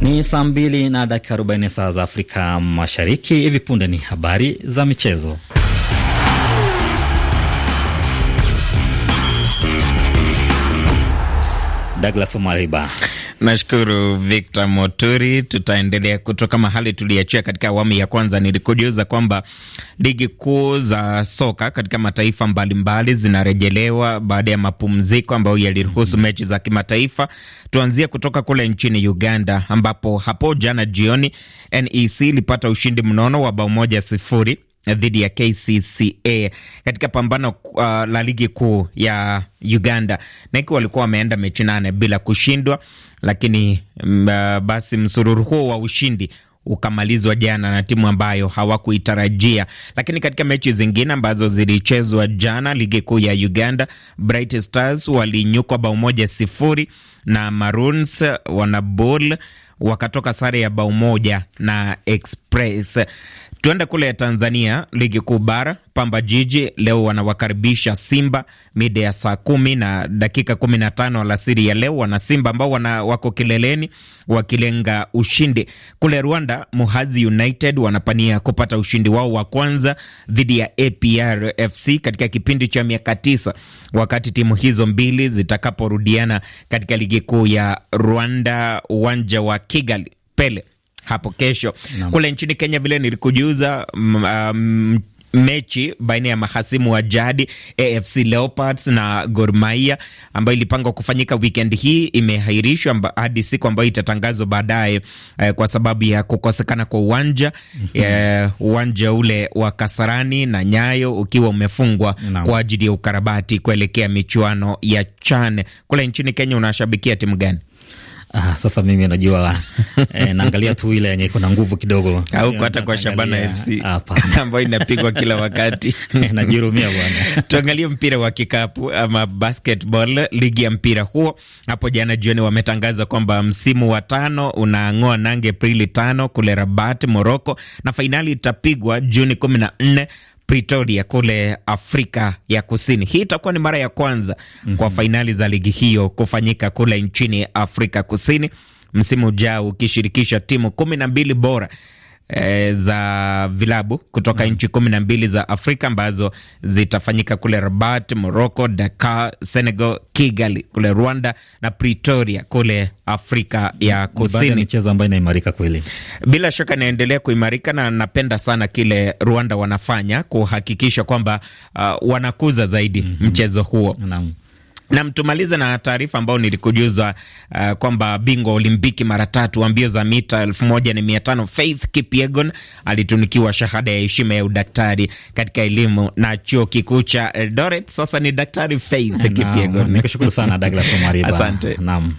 Ni saa mbili na dakika 40 saa za Afrika Mashariki. Hivi punde ni habari za michezo. Douglas Omariba. Nashukuru Victor Moturi. Tutaendelea kutoka mahali tuliachia katika awamu ya kwanza. Nilikujuza kwamba ligi kuu za soka katika mataifa mbalimbali zinarejelewa baada ya mapumziko ambayo yaliruhusu mechi za kimataifa. Tuanzie kutoka kule nchini Uganda, ambapo hapo jana jioni NEC ilipata ushindi mnono wa bao moja sifuri dhidi ya KCCA katika pambano uh, la ligi kuu ya Uganda. Nek walikuwa wameenda mechi nane bila kushindwa, lakini mm, uh, basi msururu huo wa ushindi ukamalizwa jana na timu ambayo hawakuitarajia. Lakini katika mechi zingine ambazo zilichezwa jana ligi kuu ya Uganda, Bright Stars walinyukwa bao moja sifuri na Maroons wanabol wakatoka sare ya bao moja na Express. Tuende kule Tanzania, ligi kuu bara. Pamba Jiji leo wanawakaribisha Simba mida ya saa kumi na dakika kumi na tano alasiri ya leo. Wana Simba ambao wana wako kileleni wakilenga ushindi. Kule Rwanda, Muhazi United wanapania kupata ushindi wao wa kwanza dhidi ya APR FC katika kipindi cha miaka tisa, wakati timu hizo mbili zitakaporudiana katika ligi kuu ya Rwanda, uwanja wa Kigali Pele hapo kesho Nama. Kule nchini Kenya vile nilikujuza um, mechi baina ya mahasimu wa jadi AFC Leopards na Gor Mahia ambayo ilipangwa kufanyika weekend hii imehairishwa hadi siku ambayo itatangazwa baadaye, eh, kwa sababu ya kukosekana kwa uwanja mhm. eh, uwanja ule wa Kasarani na Nyayo ukiwa umefungwa no. kwa ajili ya ukarabati kuelekea michuano ya CHAN. Kule nchini Kenya unashabikia timu gani? Ah, sasa mimi najua e, naangalia tu ile yenye iko na nguvu kidogo, au hata kwa Shabana FC ambayo inapigwa kila wakati najirumia bwana. Tuangalie mpira wa kikapu ama basketball, ligi ya mpira huo. Hapo jana jioni wametangaza kwamba msimu wa tano unaang'oa nange Aprili tano kule Rabat, Morocco na fainali itapigwa Juni kumi na nne Pretoria kule Afrika ya Kusini. Hii itakuwa ni mara ya kwanza mm -hmm. kwa fainali za ligi hiyo kufanyika kule nchini Afrika Kusini, msimu ujao ukishirikisha timu kumi na mbili bora e, za vilabu kutoka mm. nchi kumi na mbili za Afrika ambazo zitafanyika kule Rabat, Morocco, Dakar, Senegal, Kigali kule Rwanda na Pretoria kule Afrika ya Kusini. Michezo ambayo inaimarika kweli, bila shaka inaendelea kuimarika, na napenda sana kile Rwanda wanafanya kuhakikisha kwamba uh, wanakuza zaidi mm -hmm. mchezo huo Anamu. Nam, tumalize na, na taarifa ambayo nilikujuza uh, kwamba bingwa Olimpiki mara tatu wa mbio za mita elfu moja na mia tano Faith Kipyegon alitunikiwa shahada ya heshima ya udaktari katika elimu na chuo kikuu cha Eldoret. Sasa ni Daktari Faith Kipyegon. Nikushukuru sana Douglas Omariba, asante. Naam.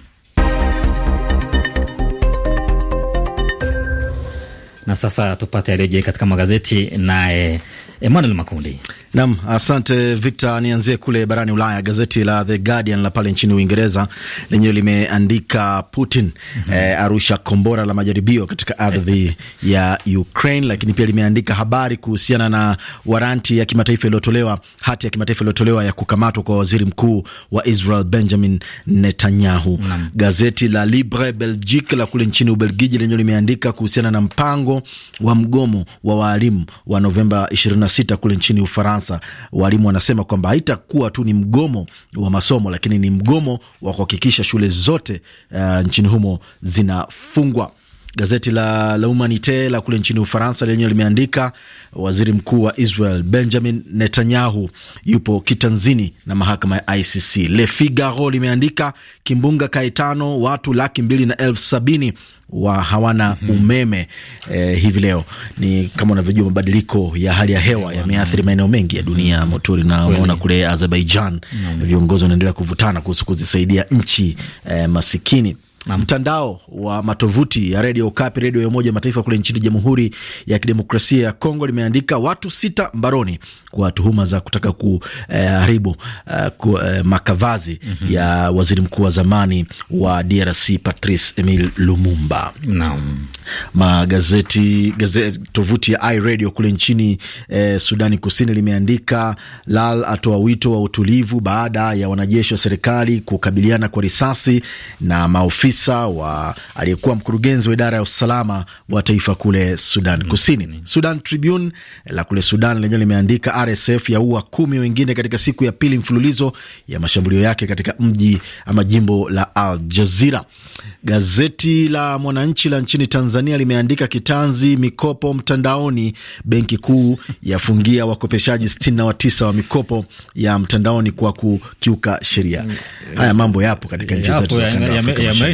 Na sasa tupate aliyejiri katika magazeti naye eh, Emmanuel Makundi. Nam, asante Victor. Nianzie kule barani Ulaya. Gazeti la The Guardian la pale nchini Uingereza lenyewe limeandika Putin mm -hmm. eh, arusha kombora la majaribio katika ardhi ya Ukraine, lakini pia limeandika habari kuhusiana na waranti ya kimataifa iliyotolewa, hati ya kimataifa iliyotolewa ya kukamatwa kwa waziri mkuu wa Israel Benjamin Netanyahu mm -hmm. Gazeti la Libre Belgique la kule nchini Ubelgiji lenyewe limeandika kuhusiana na mpango wa mgomo wa waalimu wa Novemba 26 kule nchini Ufaransa Ufaransa, walimu wanasema kwamba haitakuwa tu ni mgomo wa masomo, lakini ni mgomo wa kuhakikisha shule zote uh, nchini humo zinafungwa. Gazeti la la Humanite la kule nchini Ufaransa lenyewe limeandika waziri mkuu wa Israel Benjamin Netanyahu yupo kitanzini na mahakama ya ICC. Le Figaro limeandika kimbunga Kaitano, watu laki mbili na elfu sabini wa hawana mhm. umeme eh, hivi leo ni kama unavyojua mabadiliko ya hali ya hewa yameathiri maeneo mengi ya dunia mm. motori, na umeona kule Azerbaijan viongozi wanaendelea kuvutana kuhusu kuzisaidia nchi eh, masikini mtandao wa matovuti ya redio Okapi, redio ya Umoja Mataifa kule nchini Jamhuri ya Kidemokrasia ya Kongo limeandika watu sita mbaroni kwa tuhuma za kutaka kuharibu eh, eh, ku, eh, makavazi mm -hmm. ya waziri mkuu wa zamani wa DRC Patrice Emil Lumumba Naam. Magazeti gazeti, tovuti ya iRadio kule nchini eh, Sudani Kusini limeandika Lal atoa wito wa utulivu baada ya wanajeshi wa serikali kukabiliana kwa risasi na maofisa afisa wa aliyekuwa mkurugenzi wa idara ya usalama wa taifa kule Sudan mm, Kusini. Mm. Sudan Tribune eh, la kule Sudan lenyewe limeandika RSF ya ua kumi wengine katika siku ya pili mfululizo ya mashambulio yake katika mji ama jimbo la Al Jazira. Gazeti la Mwananchi la nchini Tanzania limeandika kitanzi mikopo mtandaoni, benki kuu yafungia wakopeshaji sitini na tisa wa mikopo ya mtandaoni kwa kukiuka sheria. Mm, Haya mambo yapo katika eh, nchi zetu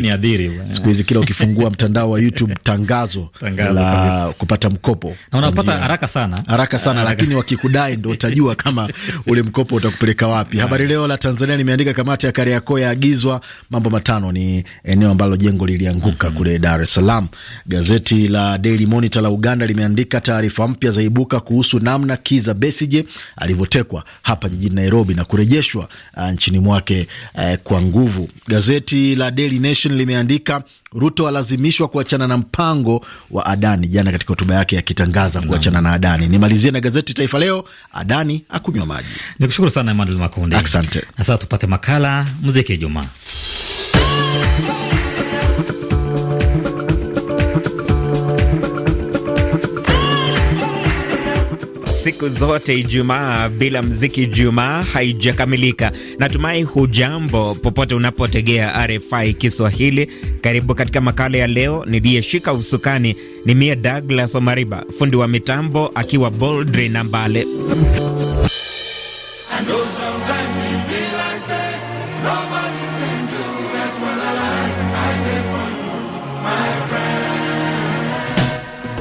niadhiri siku hizi kila ukifungua mtandao wa YouTube tangazo, tangazo la kabisa. kupata mkopo na unapata haraka sana haraka sana haraka. Lakini wakikudai ndo utajua kama ule mkopo utakupeleka wapi. Habari Leo la Tanzania limeandika kamati ya Kariakoo yaagizwa mambo matano. Ni eneo ambalo jengo lilianguka mm-hmm. kule Dar es Salaam. Gazeti la Daily Monitor la Uganda limeandika taarifa mpya zaibuka kuhusu namna Kiza Besije alivyotekwa hapa jijini Nairobi na kurejeshwa uh, nchini mwake eh, kwa nguvu. Gazeti la Daily Nation limeandika Ruto alazimishwa kuachana na mpango wa Adani jana katika hotuba yake akitangaza ya kuachana na Adani. Nimalizie na gazeti Taifa Leo, Adani akunywa maji. Nikushukuru sana Emmanuel Makundi, asante. Na sasa tupate makala muziki ya Jumaa. siku zote Ijumaa bila mziki Ijumaa haijakamilika. Natumai hujambo popote unapotegea RFI Kiswahili. Karibu katika makala ya leo. Niliyeshika usukani ni mie Douglas Omariba, fundi wa mitambo akiwa Boldre na Mbale.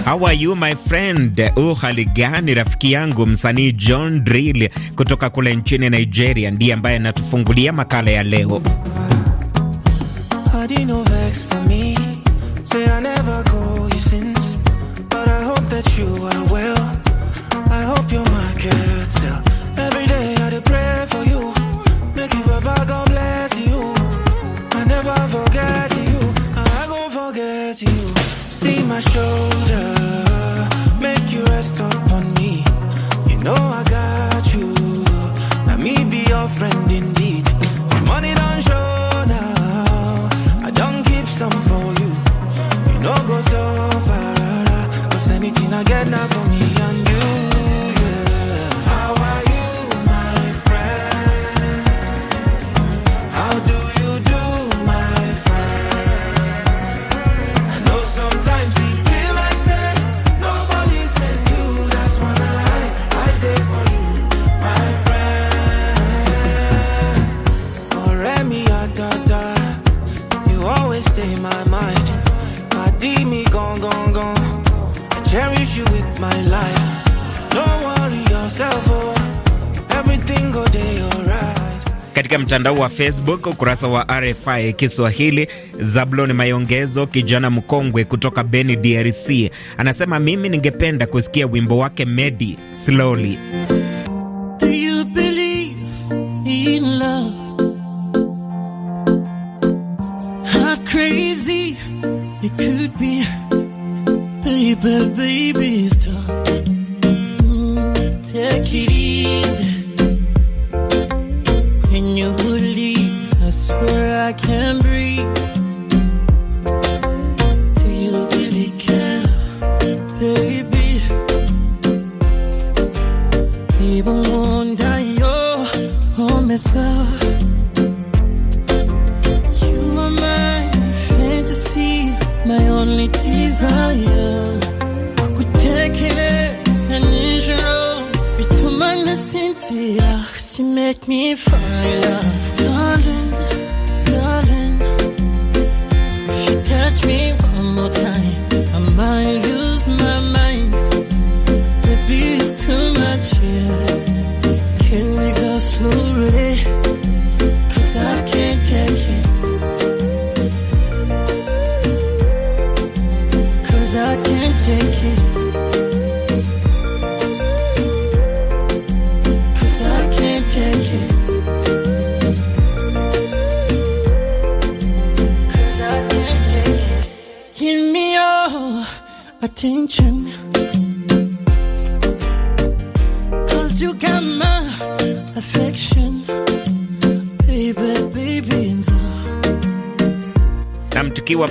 How are you my friend? Uh, hali gani rafiki yangu? Msanii John Drill kutoka kule nchini Nigeria ndiye ambaye anatufungulia makala ya leo. shoulder make you rest upon me. You know I got you. Now me be your friend indeed. The money don't show now. I don't keep some for you. You know go so far, cause anything I get now for me. you with my life. Don't worry yourself, oh. Everything go day alright. Katika mtandao wa Facebook, ukurasa wa RFI Kiswahili, Zablon Mayongezo, kijana mkongwe kutoka Beni, DRC, anasema mimi ningependa kusikia wimbo wake Medi Slowly. Do you believe in love? How crazy it could be, baby, baby. slow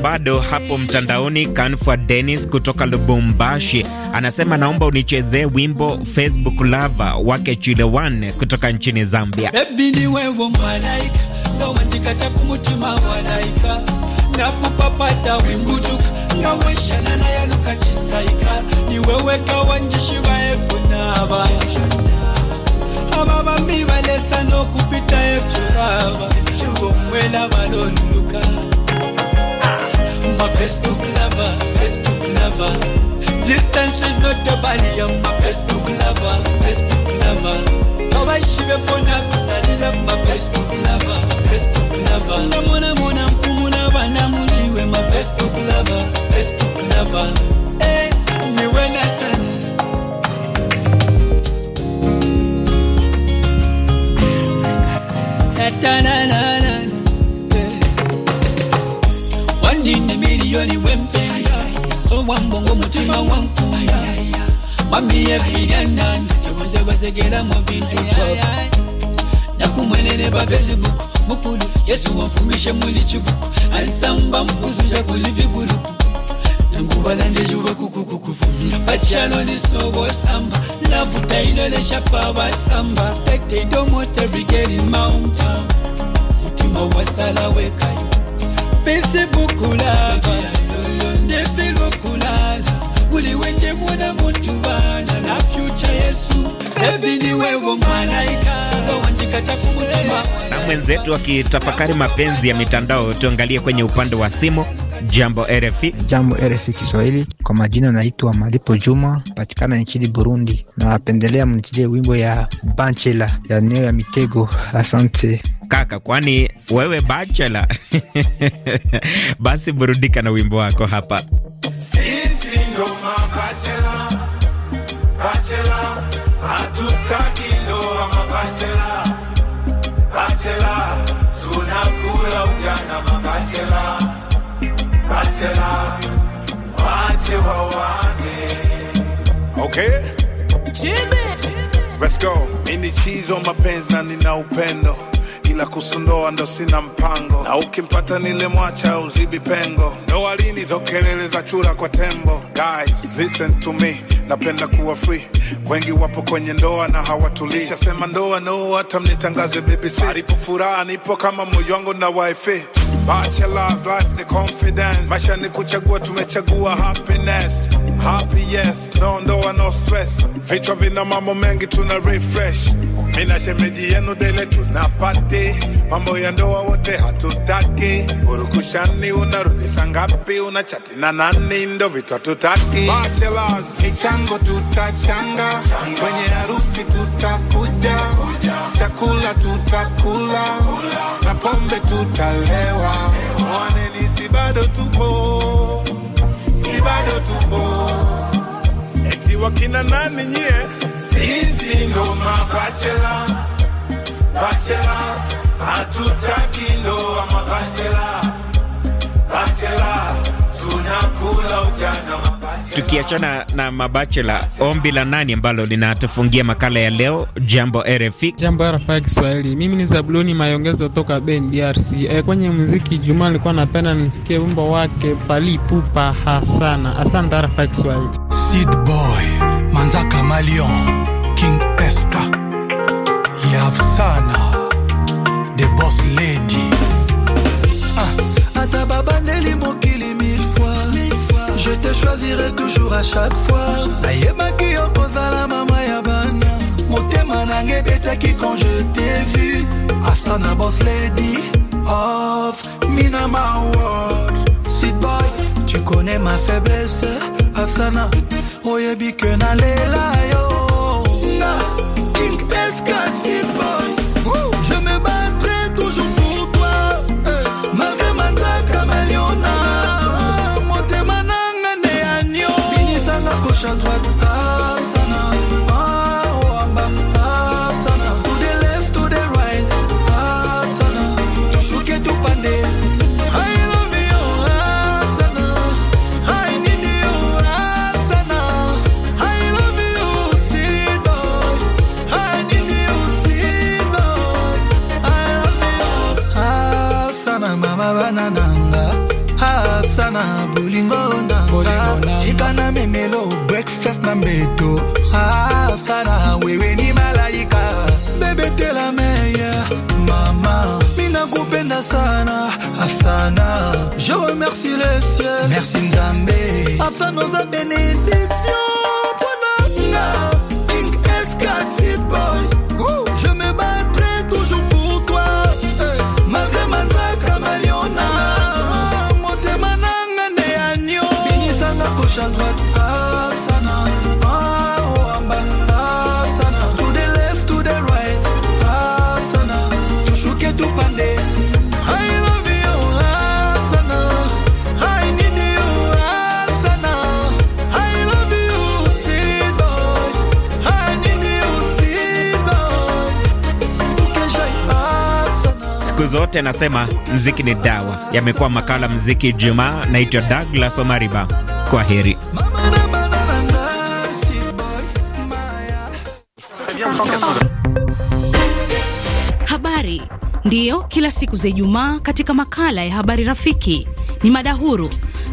bado hapo mtandaoni, Kanfa denis kutoka Lubumbashi anasema naomba unichezee wimbo Facebook Lava wake Chile One kutoka nchini Zambia. ni wewe malaika, na kumutuma na kupapata na weshana na yaluka chisaika, ni wewe kawanjishi na no kupita efu My best facebook lover best facebook lover distance is not the barrier my best facebook lover best facebook lover kawai shi be phone bazegeramu bintu nakumwenene baveziguku mukulu yesu wanfumishe muli chiguku ansamba mpuzuja kuli viguluku nanguvala ndejuva kukukukuvumira pachano nisobosamba navuta ilolesha pavasamba that they don't most every get in mountain mutima wasala wekayo fesebukulava ndefelokulala uliwende mona muntuvana na fyucha yesu na mwenzetu akitafakari mapenzi ya mitandao. Tuangalie kwenye upande wa simu. Jambo RFI. Jambo RFI Kiswahili, kwa majina naitwa Malipo Juma, patikana nchini Burundi, na wapendelea wimbo ya Banchela ya neo ya Mitego. Asante kaka, kwani wewe banchela? Basi burudika na wimbo wako hapa. Sisi ndo mabachela, bachela hatutaki ndoa mabachela, bachela tunakula ujana mabachela, bachela wache wawane. Okay. Jimmy. Let's go. Mimi chizo mapenzi na nina upendo ila kusundoa ndo sina mpango, na ukimpata mwacha uzibi pengo. Ndoa lini hizo kelele za chura kwa tembo? Guys listen to me, napenda kuwa free. Wengi wapo kwenye ndoa na hawatulii, shasema ndoa no, hata mnitangaze BBC. Alipo furaha nipo kama moyo wangu na wife Bacha love life ni confidence, maisha ni kuchagua, tumechagua happiness. Happy yes, no ndoa no stress, vichwa vina mambo mengi, tuna refresh. Mina shemeji yenu dele tuna tunapati, mambo ya ndoa wote hatutaki. Urukushani unarudi saa ngapi? Unachati na nani? Ndo vitu hatutaki. Bachelors, michango tutachanga, kwenye harusi tutakuja, chakula tutakula Kula pombe tutalewa, oneni, si bado tupo, si bado tupo. Eti wakina nani nyie? Sisi ndo mabachela, bachela, hatutaki ndoa mabachela, bachela Tukiachana na mabachela, ombi la nani ambalo linatufungia makala ya leo? Jambo RFI, jambo RFI Kiswahili. Mimi ni Zabuloni Mayongezo toka Ben, DRC. E, eh, kwenye muziki Jumaa alikuwa napenda nisikie wimbo wake Fali Pupa Hasana. Asante RFI Kiswahili. Sid Boy King The Boss Lady ah, mokili te choisirai toujours à chaque fois nayebaki yo la mama yabana. bana motema nanga ebetaki quand je t'ai vu asana boss lady of minama world sit boy tu connais ma faiblesse afsana oyebi oh, ke nalela yo bolingo nanga chika na memelo breakfast na mbeto afana ah, wewe ni malaika bebetela meya mama minakupenda sana afsana je remercie le ciel merci nzambe afsana oza benediction zote nasema mziki ni dawa. Yamekuwa makala mziki Jumaa. Naitwa Douglas Omariba, kwa heri. Habari ndiyo kila siku za Ijumaa katika makala ya habari rafiki, ni mada huru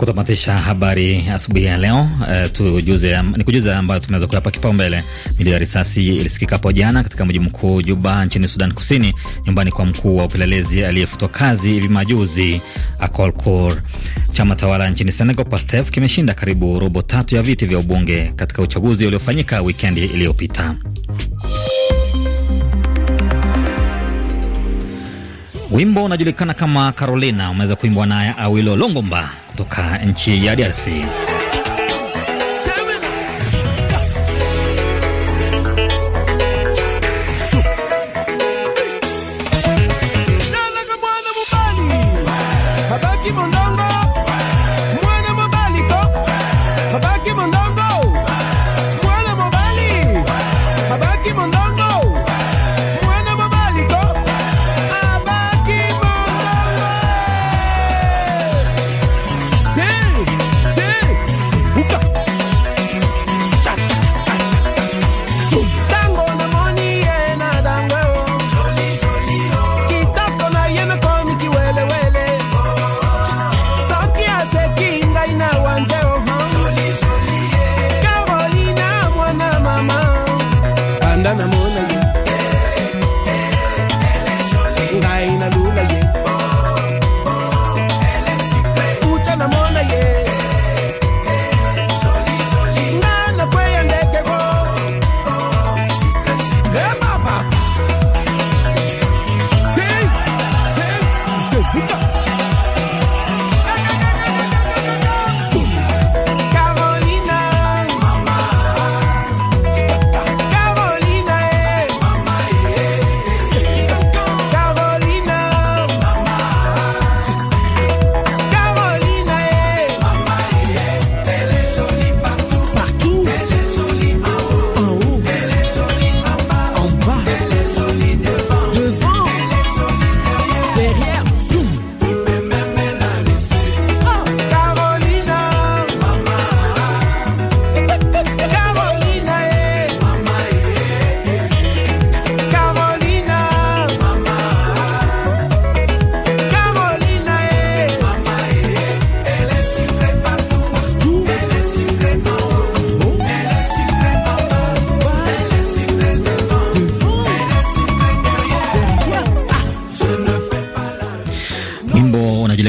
kutamatisha habari asubuhi ya leo eh, tujuze, ni kujuza ambayo tumeweza kuyapa kipaumbele. Milio ya risasi ilisikika hapo jana katika mji mkuu Juba nchini Sudan Kusini, nyumbani kwa mkuu wa upelelezi aliyefutwa kazi hivi majuzi Akol Chama tawala nchini Senegal, PASTEF, kimeshinda karibu robo tatu ya viti vya ubunge katika uchaguzi uliofanyika wikendi iliyopita. Wimbo unajulikana kama Carolina umeweza kuimbwa naye Awilo Longomba kutoka nchi ya DRC.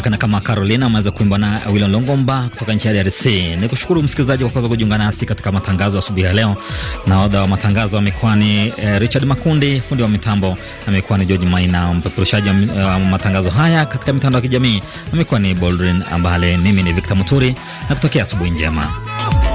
inajulikana kama Carolina, ameweza kuimba na Willa Longomba kutoka nchi ya DRC. Ni kushukuru msikilizaji kwa kuweza kujiunga nasi katika matangazo asubuhi ya leo. Nahodha wa matangazo amekuwa ni eh, Richard Makundi, fundi wa mitambo amekuwa ni George Maina, mpeperushaji wa uh, matangazo haya katika mitandao ya kijamii amekuwa ni Boldrin Ambale, mimi ni Victor Muturi na kutokea asubuhi njema.